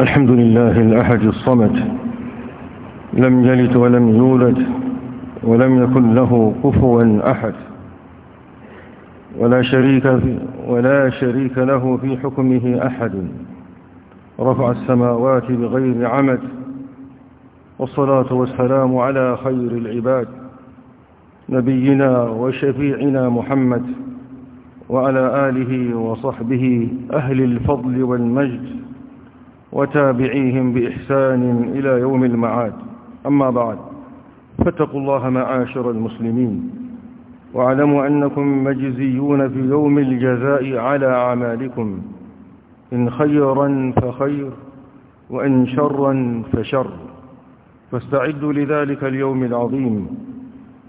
الحمد لله الأحد الصمد لم يلد ولم يولد ولم يكن له كفوا أحد ولا شريك ولا شريك له في حكمه أحد رفع السماوات بغير عمد والصلاة والسلام على خير العباد نبينا وشفيعنا محمد وعلى آله وصحبه أهل الفضل والمجد وتابعيهم بإحسان إلى يوم المعاد أما بعد فاتقوا الله معاشر المسلمين واعلموا أنكم مجزيون في يوم الجزاء على أعمالكم إن خيرا فخير وإن شرا فشر فاستعدوا لذلك اليوم العظيم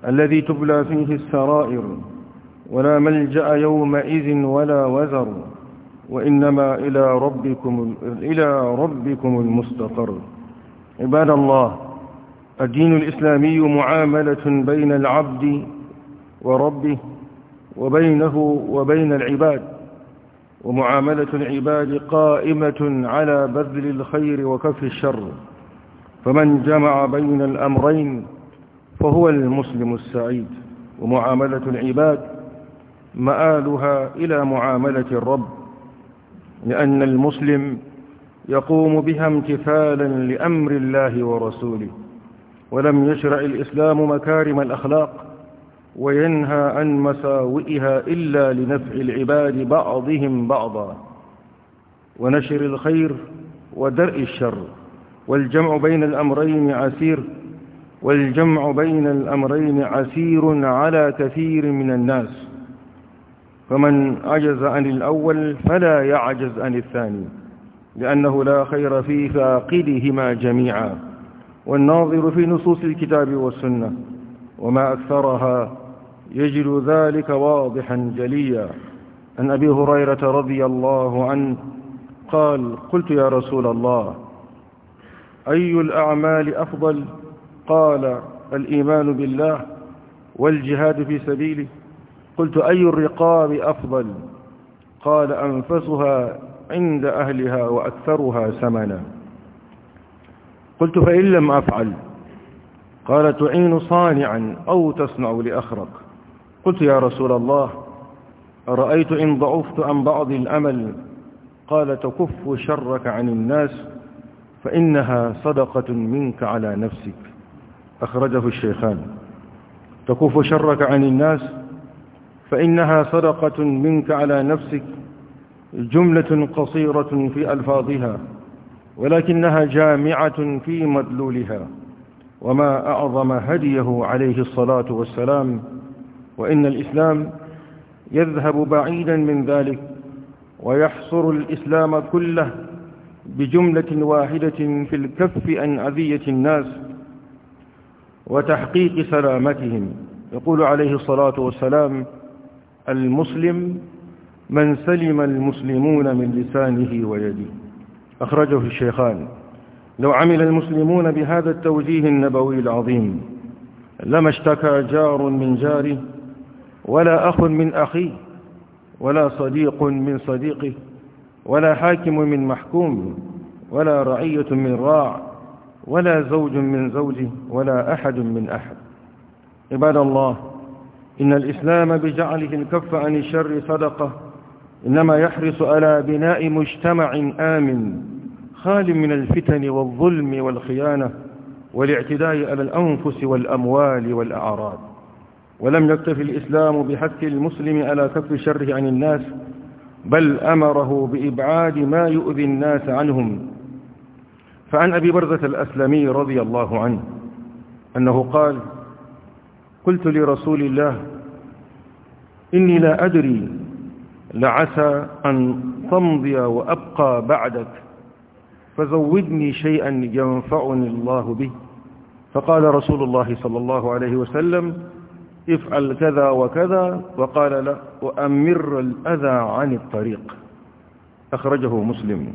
الذي تبلى فيه السرائر ولا ملجأ يومئذ ولا وزر وإنما إلى ربكم, إلى ربكم المستقر عباد الله الدين الإسلامي معاملة بين العبد وربه وبينه وبين العباد ومعاملة العباد قائمة على بذل الخير وكف الشر فمن جمع بين الأمرين فهو المسلم السعيد ومعاملة العباد مآلها إلى معاملة الرب لأن المسلم يقوم بها امتثالا لأمر الله ورسوله ولم يشرع الإسلام مكارم الأخلاق وينهى عن مساوئها إلا لنفع العباد بعضهم بعضا ونشر الخير ودرء الشر والجمع بين الأمرين عسير والجمع بين الأمرين عسير على كثير من الناس فمن عجز عن الأول فلا يعجز عن الثاني لأنه لا خير في فاقدهما جميعا والناظر في نصوص الكتاب والسنة وما أكثرها يجد ذلك واضحا جليا عن أبي هريرة رضي الله عنه قال قلت يا رسول الله أي الأعمال أفضل قال الإيمان بالله والجهاد في سبيله قلت أي الرقاب أفضل قال أنفسها عند أهلها وأكثرها ثمنا قلت فإن لم أفعل قال تعين صانعا أو تصنع لأخرق قلت يا رسول الله أرأيت إن ضعفت عن بعض الأمل قال تكف شرك عن الناس فإنها صدقة منك على نفسك أخرجه الشيخان تكف شرك عن الناس فإنها صدقة منك على نفسك جملة قصيرة في ألفاظها ولكنها جامعة في مدلولها وما أعظم هديه عليه الصلاة والسلام وإن الإسلام يذهب بعيدا من ذلك ويحصر الإسلام كله بجملة واحدة في الكف عن أذية الناس وتحقيق سلامتهم يقول عليه الصلاة والسلام المسلم من سلم المسلمون من لسانه ويده أخرجه الشيخان لو عمل المسلمون بهذا التوجيه النبوي العظيم لما اشتكى جار من جاره ولا أخ من أخيه ولا صديق من صديقه ولا حاكم من محكوم ولا رعية من راع ولا زوج من زوجه ولا أحد من أحد عباد الله إن الإسلام بجعله الكف عن الشر صدقة إنما يحرص على بناء مجتمع آمن خال من الفتن والظلم والخيانة والاعتداء على الأنفس والأموال والأعراض ولم يكتف الإسلام بحث المسلم على كف شره عن الناس بل أمره بإبعاد ما يؤذي الناس عنهم فعن أبي برزة الأسلمي رضي الله عنه أنه قال قلت لرسول الله إني لا أدري لعسى أن تمضي وأبقى بعدك فزودني شيئا ينفعني الله به فقال رسول الله صلى الله عليه وسلم افعل كذا وكذا وقال لا وأمر الأذى عن الطريق أخرجه مسلم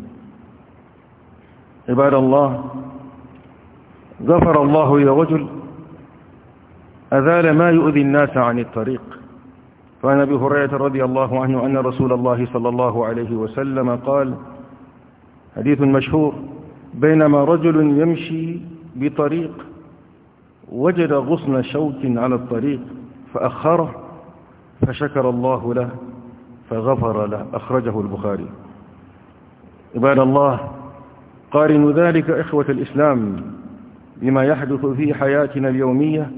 عباد الله غفر الله يا رجل أذال ما يؤذي الناس عن الطريق فعن أبي هريرة رضي الله عنه أن رسول الله صلى الله عليه وسلم قال حديث مشهور بينما رجل يمشي بطريق وجد غصن شوك على الطريق فأخره فشكر الله له فغفر له أخرجه البخاري عباد الله قارن ذلك إخوة الإسلام بما يحدث في حياتنا اليومية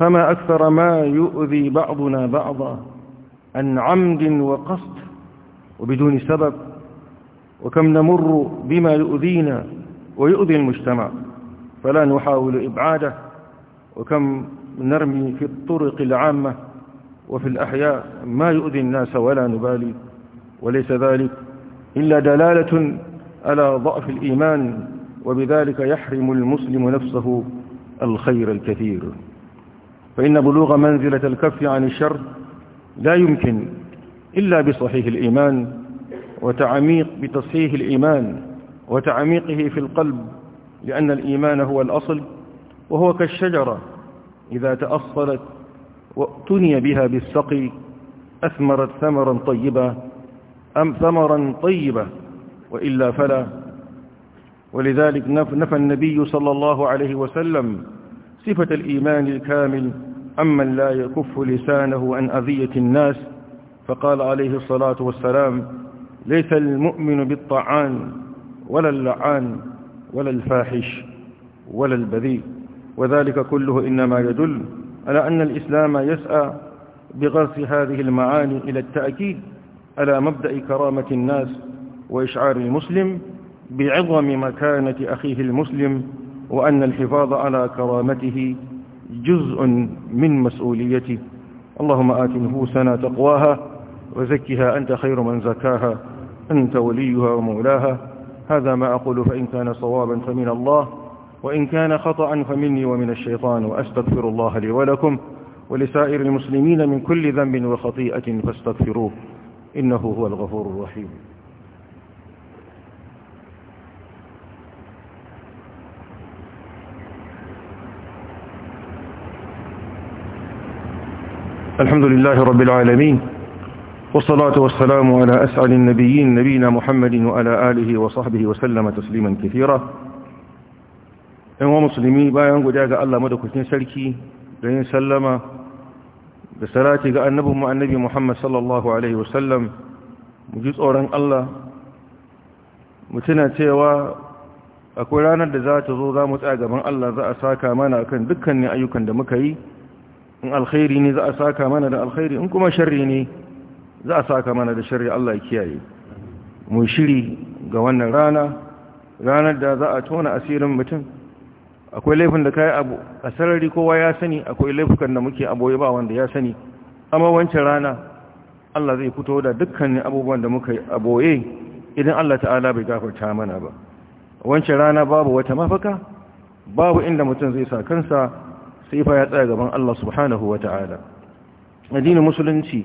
فما أكثر ما يؤذي بعضنا بعضا عن عمد وقصد وبدون سبب وكم نمر بما يؤذينا ويؤذي المجتمع فلا نحاول إبعاده وكم نرمي في الطرق العامة وفي الأحياء ما يؤذي الناس ولا نبالي وليس ذلك إلا دلالة على ضعف الإيمان وبذلك يحرم المسلم نفسه الخير الكثير فإن بلوغ منزلة الكف عن الشر لا يمكن إلا بصحيح الإيمان وتعميق بتصحيح الإيمان وتعميقه في القلب لأن الإيمان هو الأصل وهو كالشجرة إذا تأصلت واقتني بها بالسقي أثمرت ثمرا طيبا أم ثمرا طيبا وإلا فلا ولذلك نفى النبي صلى الله عليه وسلم صفة الإيمان الكامل أمن لا يكف لسانه عن أذية الناس فقال عليه الصلاة والسلام ليس المؤمن بالطعان ولا اللعان ولا الفاحش ولا البذيء وذلك كله إنما يدل على أن الإسلام يسعى بغرس هذه المعاني إلى التأكيد على مبدأ كرامة الناس وإشعار المسلم بعظم مكانة أخيه المسلم وأن الحفاظ على كرامته جزء من مسؤوليته اللهم آت نفوسنا تقواها وزكها أنت خير من زكاها أنت وليها ومولاها هذا ما أقول فإن كان صوابا فمن الله وإن كان خطأ فمني ومن الشيطان وأستغفر الله لي ولكم ولسائر المسلمين من كل ذنب وخطيئة فاستغفروه إنه هو الغفور الرحيم الحمد لله رب العالمين والصلاة والسلام على أسعد النبيين نبينا محمد وعلى آله وصحبه وسلم تسليما كثيرا أيها مسلمي بايان قد أجا الله مدكتين سلكي لين سلم بسلاتي قال نبو النبي محمد صلى الله عليه وسلم مجيز أوران الله متنا cewa akwai ranar da za ta zo za mu tsaya gaban Allah za a saka in alkhairi ne za a saka mana da alkhairi in kuma sharri ne za a saka mana da sharri Allah ya kiyaye mu shiri ga wannan rana ranar da za a tona asirin mutum akwai laifin da kai abu a sarari kowa ya sani akwai laifukan da muke aboye ba wanda ya sani amma wancan rana Allah zai fito da dukkanin abubuwan da muka aboye idan Allah ta'ala bai gafarta mana ba wancan rana babu wata mafaka babu inda mutum zai sa kansa sai fa ya tsaya gaban Allah subhanahu wa ta'ala addinin musulunci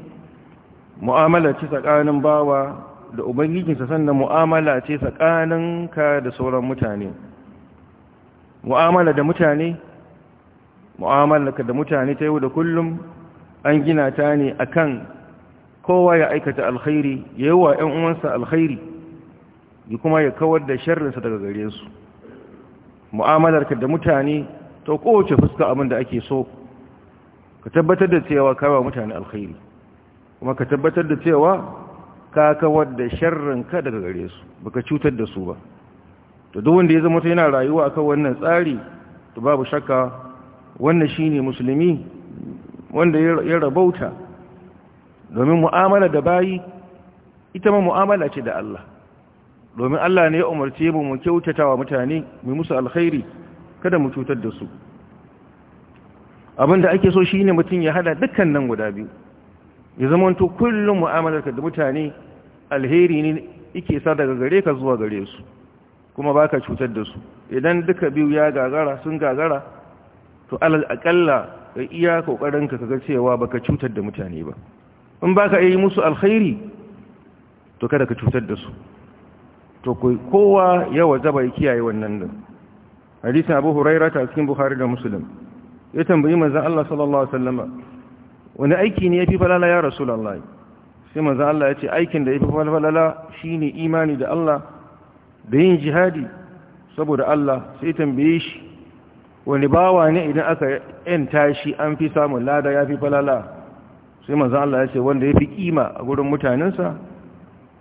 mu'amala ce tsakanin bawa da ubangijinsa sannan mu'amala ce tsakanin ka da sauran mutane mu'amala da mutane mu'amala da mutane ta yau da kullum an gina ta ne akan kowa ya aikata alkhairi ya yi uwansa alkhairi ya kuma ya kawar da sharrinsa daga gare su mu'amalarka da mutane to kowace fuska abin da ake so ka tabbatar da cewa ka ba mutane alkhairi kuma ka tabbatar da cewa ka kawar da sharrin ka daga gare su baka cutar da su ba to duk wanda ya zama ta yana rayuwa akan wannan tsari to babu shakka wannan shine musulmi wanda ya rabauta domin mu'amala da bayi ita ma mu'amala ce da Allah domin Allah ne ya umarce mu mu kyautata wa mutane mu musu alkhairi kada mu cutar da su abinda ake so shi ne mutum ya hada dukkan nan guda biyu ya zama wato kullum mu'amalarka da mutane alheri ne yake sa daga gare ka zuwa gare su kuma baka cutar da su idan duka biyu ya gagara sun gagara to alal akalla ka iya kokarinka kaga cewa baka cutar da mutane ba in baka yi musu alkhairi to kada ka cutar da su to kowa ya wajaba ya kiyaye wannan din hadisi abu huraira ta cikin buhari da musulun ya tambayi manzan Allah sallallahu Alaihi wasallama wani aiki ne ya fi falala ya rasu lallai sai manzan Allah ya ce aikin da ya fi falala shi ne imani da Allah da yin jihadi saboda Allah sai tambaye shi wani bawa ne idan aka yanta shi an fi samun lada ya fi falala sai manzan Allah ya ce wanda ya fi kima a gurin mutanensa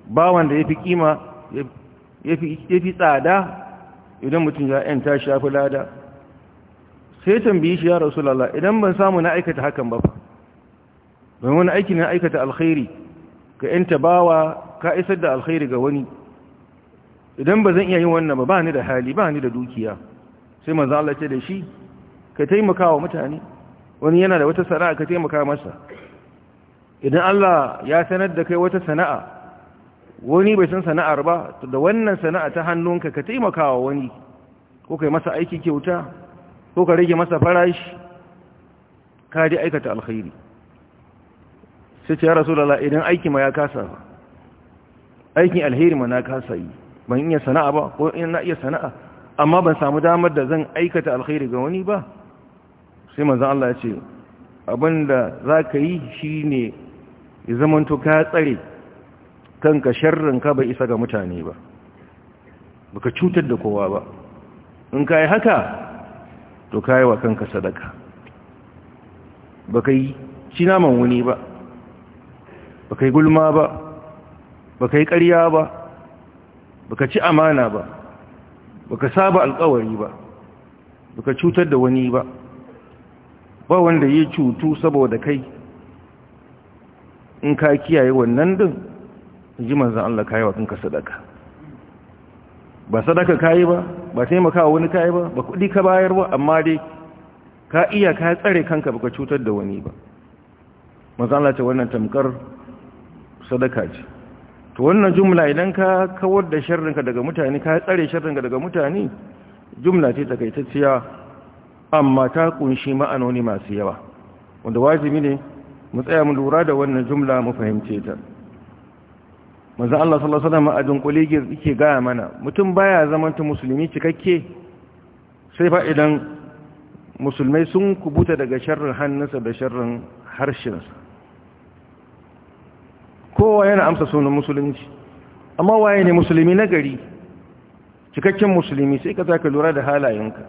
bawan da ya fi kima ya fi tsada idan mutum ya yanta shafi lada sai tambayi shi ya rasulallah idan ban samu na aikata hakan ba domin wani aiki na aikata alkhairi ka yanta tabawa ka isar da alkhairi ga wani idan ba zan iya yin wannan ba ba ni da hali ba ni da dukiya sai Maza Allah ce da shi ka taimaka wa mutane wani yana da wata sana'a ka taimaka masa idan Allah ya sanar da kai wata sana'a wani bai san sana'ar ba da wannan sana'a ta hannunka ka taimakawa wani ko kai masa aiki kyauta ko ka rage masa farashi ka dai aikata alkhairi sai ce ya rasulullah idan aiki ma ya kasa aikin alheri ma na kasa yi ban iya sana'a ba ko in na iya sana'a amma ban samu damar da zan aikata alkhairi ga wani ba sai manzon Allah ya ce abinda zaka yi shine ya zamanto ka tsare kanka ka bai isa ga mutane ba baka cutar da kowa ba in ka yi haka to ka yi wa kanka sadaka baka yi cinaman wuni ba baka yi gulma ba baka yi ƙarya ba baka ci amana ba baka saba alkawari ba baka cutar da wani ba ba wanda ya cutu saboda kai in ka kiyaye wannan din ji manzan Allah kayi wa kanka sadaka ba sadaka kayi ba ba taimakawa wani kayi ba ba kudi ka bayar ba amma dai ka iya ka tsare kanka ba ka cutar da wani ba manzan Allah ce wannan tamkar sadaka ce to wannan jumla idan ka kawar da sharrinka daga mutane ka tsare sharrinka daga mutane jumla ce takaitacciya amma ta kunshi ma'anoni masu yawa wanda wajibi ne mu tsaya mu lura da wannan jumla mu fahimce ta manzon Allah sallallahu alaihi wasallam a dunkule yake gaya mana mutum baya zaman ta musulmi cikakke sai fa idan musulmai sun kubuta daga sharrin hannunsa da sharrin harshensa kowa yana amsa sunan musulunci amma waye ne musulmi na gari cikakken musulmi sai ka zaka lura da halayenka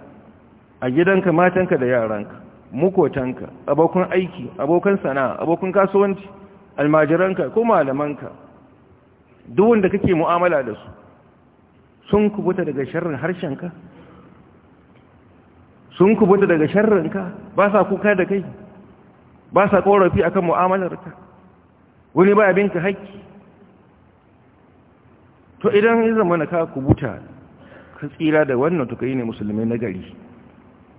a gidanka matanka da yaranka mukotanka abokan aiki abokan sana'a abokan kasuwanci almajiranka ko malamanka duk wanda kake mu'amala da su sun kubuta daga sharrin harshenka sun kubuta daga sharrinka ba sa kuka da kai ba sa korafi akan mu'amalarka wani ba abinka haƙƙi to idan ya zama na ka kubuta ka tsira da wannan to kai ne musulmi na gari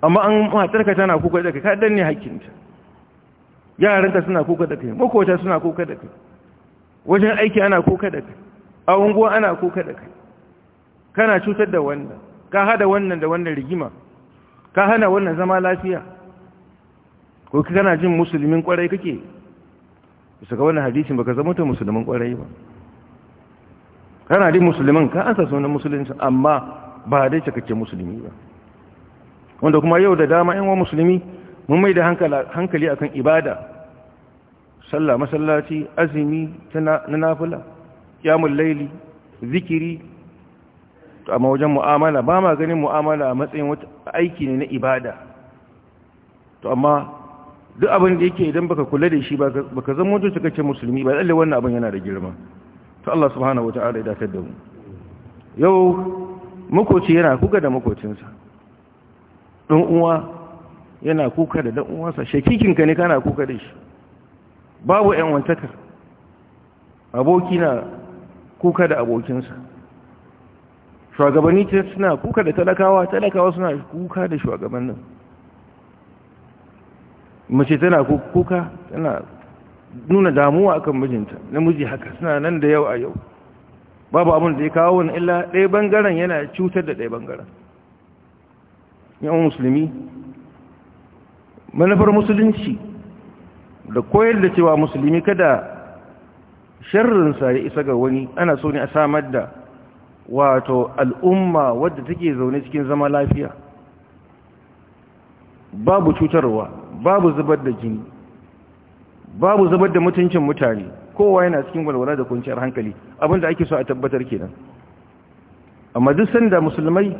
amma an matarka tana kuka da kai ka danne haƙƙinta yaranka suna kuka da kai makota suna kuka da kai wajen aiki ana kuka da kai a unguwa ana kuka da kai kana cutar da wannan ka hada wannan da wannan rigima ka hana wannan zama lafiya ko kana jin musulmin kwarai kake bisa ga wannan hadisin baka zama ta musulmin kwarai ba kana jin musulmin ka ansa sunan musulunci amma ba dai kake musulmi ba wanda kuma yau da dama yan wa musulmi mun mai da hankali akan ibada Salla masallaci azumi na nafula, kyamun laili zikiri amma wajen mu'amala ba ma ganin mu'amala a matsayin wata aiki ne na ibada to amma duk abin da yake idan baka kula da shi baka zama wajen cikakken musulmi ba tsalle wannan abin yana da girma to Allah subhanahu wata'ala ya dakatar da mu yau makoci yana kuka da makocinsa dan uwa yana kuka da dan uwansa Shakikinka ka ne kana kuka da shi babu ‘yan wantakar aboki na kuka da abokinsa shugabanni suna kuka da talakawa talakawa suna kuka da shugabannin mace tana kuka tana nuna damuwa akan mijinta namiji haka suna nan da yau a yau babu abin da ya kawo wani illa ɗaya ɓangaren yana cutar da ɗaya ɓangaren yawan musulmi manufar musulunci da koyar da cewa musulmi kada sharrinsa ya isa ga wani ana so ne a samar da wato al'umma wadda take zaune cikin zama lafiya babu cutarwa babu zubar da jini babu zubar da mutuncin mutane kowa yana cikin walwala da kwanciyar hankali abinda ake so a tabbatar kenan amma duk sanda musulmai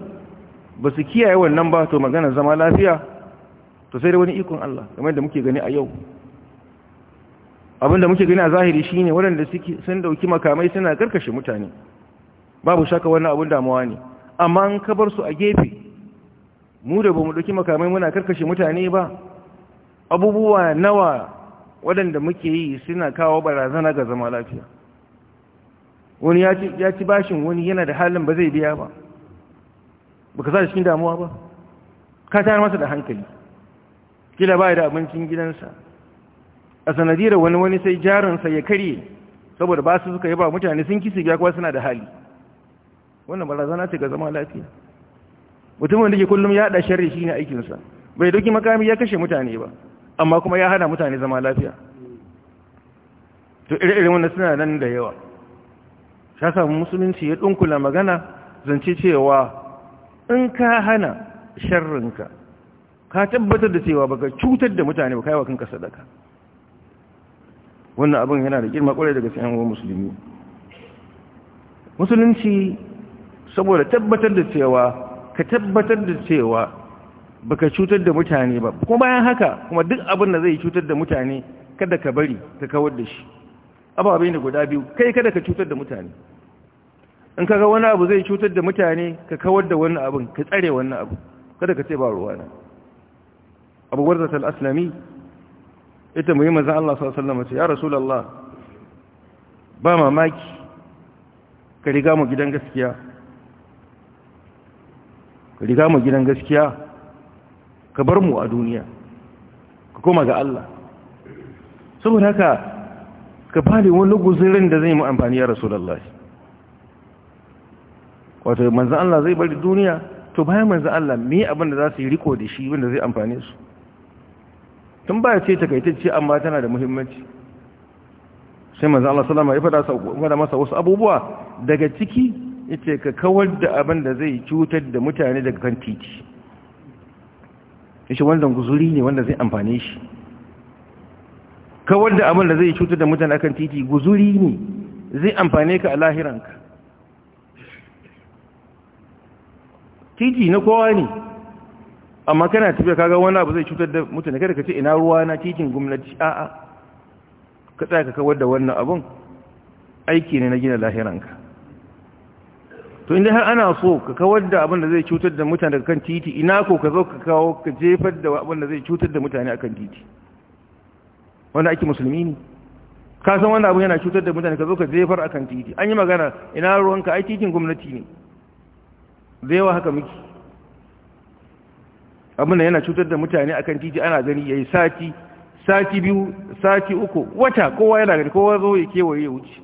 ba su kiyaye wannan ba to magana zama lafiya to sai da wani ikon Allah kamar da muke gani a yau Abin da muke gani a zahiri shi ne waɗanda sun dauki makamai suna karkashe mutane babu shaka wannan abin damuwa ne amma an kabar su a gefe mu da ba mu dauki makamai muna karkashe mutane ba abubuwa nawa waɗanda muke yi suna kawo barazana ga zama lafiya wani ya ci bashin wani yana da halin ba zai biya ba Ba ka sa cikin damuwa ba ka tayar masa da hankali kila ba da abincin gidansa a sanadira wani wani sai jarinsa ya karye saboda ba su suka yaba mutane sun kisi ya kuwa suna da hali wannan barazana ce ga zama lafiya mutumin da ke kullum ya haɗa sharri shi ne aikinsa bai doki makami ya kashe mutane ba amma kuma ya hana mutane zama lafiya to irin wannan suna nan da yawa ya samu musulunci ya dunkula magana zance cewa in ka hana sharrinka ka tabbatar da cewa baka cutar da mutane ba kai wa kanka sadaka wannan abin yana da girma kwarai daga sayan uwan musulmi musulunci saboda tabbatar da cewa ka tabbatar da cewa baka cutar da mutane ba kuma bayan haka kuma duk abin da zai cutar da mutane kada ka bari ka kawar da shi ababai ne guda biyu kai kada ka cutar da mutane in kaga wani abu zai cutar da mutane ka kawar da wannan abin ka tsare wannan abu kada ka ce ba ruwana abu warzatul aslami ita mu yi manzan Allah sallama ce ya allah ba mamaki ka riga mu gidan gaskiya ka riga mu gidan gaskiya ka bar mu a duniya ka koma ga Allah saboda haka ka bani wani guzurin da zai mu amfani ya rasulallah wato manzan Allah zai bari duniya to bayan manzan Allah me abin da za su yi riko da shi wanda zai amfane su tun baya ce takaitacce amma tana da muhimmanci sai manzo Allah sallama ya fada masa wasu abubuwa daga ciki yace ka kawar da abin da zai cutar da mutane daga kan titi yace wannan guzuri ne wanda zai amfane shi kawar da abin da zai cutar da mutane akan titi guzuri ne zai amfane ka a lahiranka titi na kowa ne amma kana tafiya kaga wani abu zai cutar da mutane kada ka ce ina ruwa na titin gwamnati a'a ka tsaya ka kawar da wannan abun aiki ne na gina lahiranka to inda har ana so ka kawar da abin da zai cutar da mutane daga kan titi ina ko ka zo ka kawo ka jefar da abin da zai cutar da mutane akan titi wanda ake musulmi ne ka san wanda abin yana cutar da mutane ka zo ka jefar akan titi an yi magana ina ruwanka ai titin gwamnati ne zai wa haka miki abin yana cutar da mutane a kan titi ana gani ya yi sati sati biyu sati uku wata kowa yana gani kowa zo ya kewaye ya wuce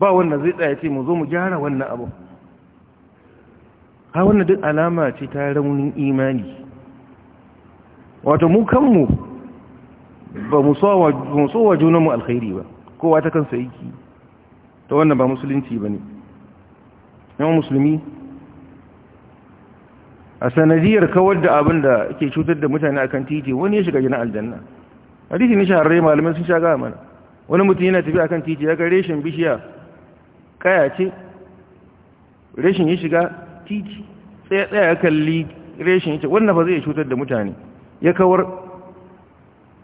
ba wanda zai tsaya ce mu zo mu gyara wannan abu ha wannan duk alama ce ta raunin imani wato mu kanmu ba mu so wa junanmu alkhairi ba kowa ta kansa yake ta wannan ba musulunci ba ne yawan musulmi a sanadiyar kawar da abin da ke cutar da mutane akan titi wani ya shiga gina aljanna hadisi ne shahararre malamai sun sha mana wani mutum yana tafi akan titi ya ga reshen bishiya kaya ce reshen ya shiga titi tsaya tsaya ya kalli reshen ya ce wannan fa zai ya cutar da mutane ya kawar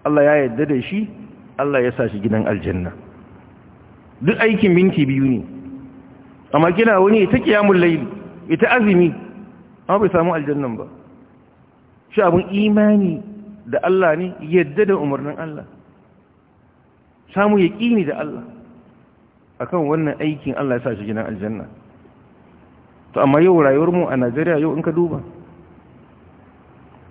Allah ya yarda da shi Allah ya sa shi gidan aljanna duk aikin minti biyu ne amma kina wani ita kiyamul layl ita azumi amma bai samu aljannan ba shi abin imani da Allah ne yadda da umarnin Allah samu yaƙini da Allah akan wannan aikin Allah ya sa shi gidan aljanna to amma yau rayuwar mu a Najeriya yau in ka duba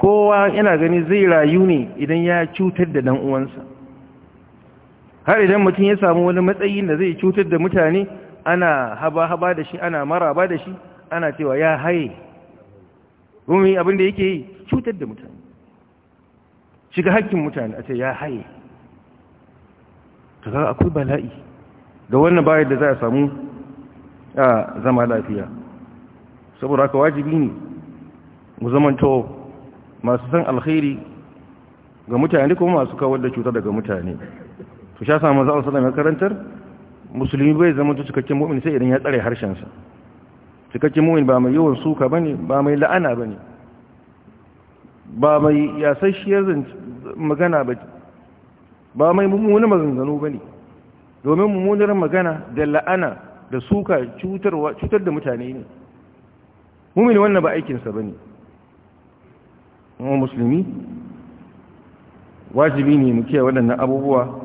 kowa yana gani zai rayu ne idan ya cutar da dan uwansa har idan mutum ya samu wani matsayin da zai cutar da mutane ana haba-haba da shi ana maraba da shi ana cewa ya haye rumi abin da yake yi cutar da mutane shiga hakkin mutane a ce ya haye ta akwai bala'i Da wannan bayar da za a samu a zama lafiya saboda haka wajibi ne mu zamanto masu san alkhairi ga mutane kuma masu kawar da cutar daga mutane to sha samu za'ar salama karantar musulmi bai zama cikakken mu'min sai idan ya tsare harshensa cikakken mumin ba mai yawan suka bane ba mai la'ana bane ba mai yanzu magana ba ba mai mummunan maganganu bane domin mummunar magana da la'ana da suka cutar da mutane ne mumin wannan ba aikinsa bane kuma musulmi wajibi ne mu kiyaye waɗannan abubuwa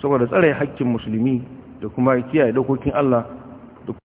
saboda tsare haƙƙin musulmi da kuma kiyaye dokokin Allah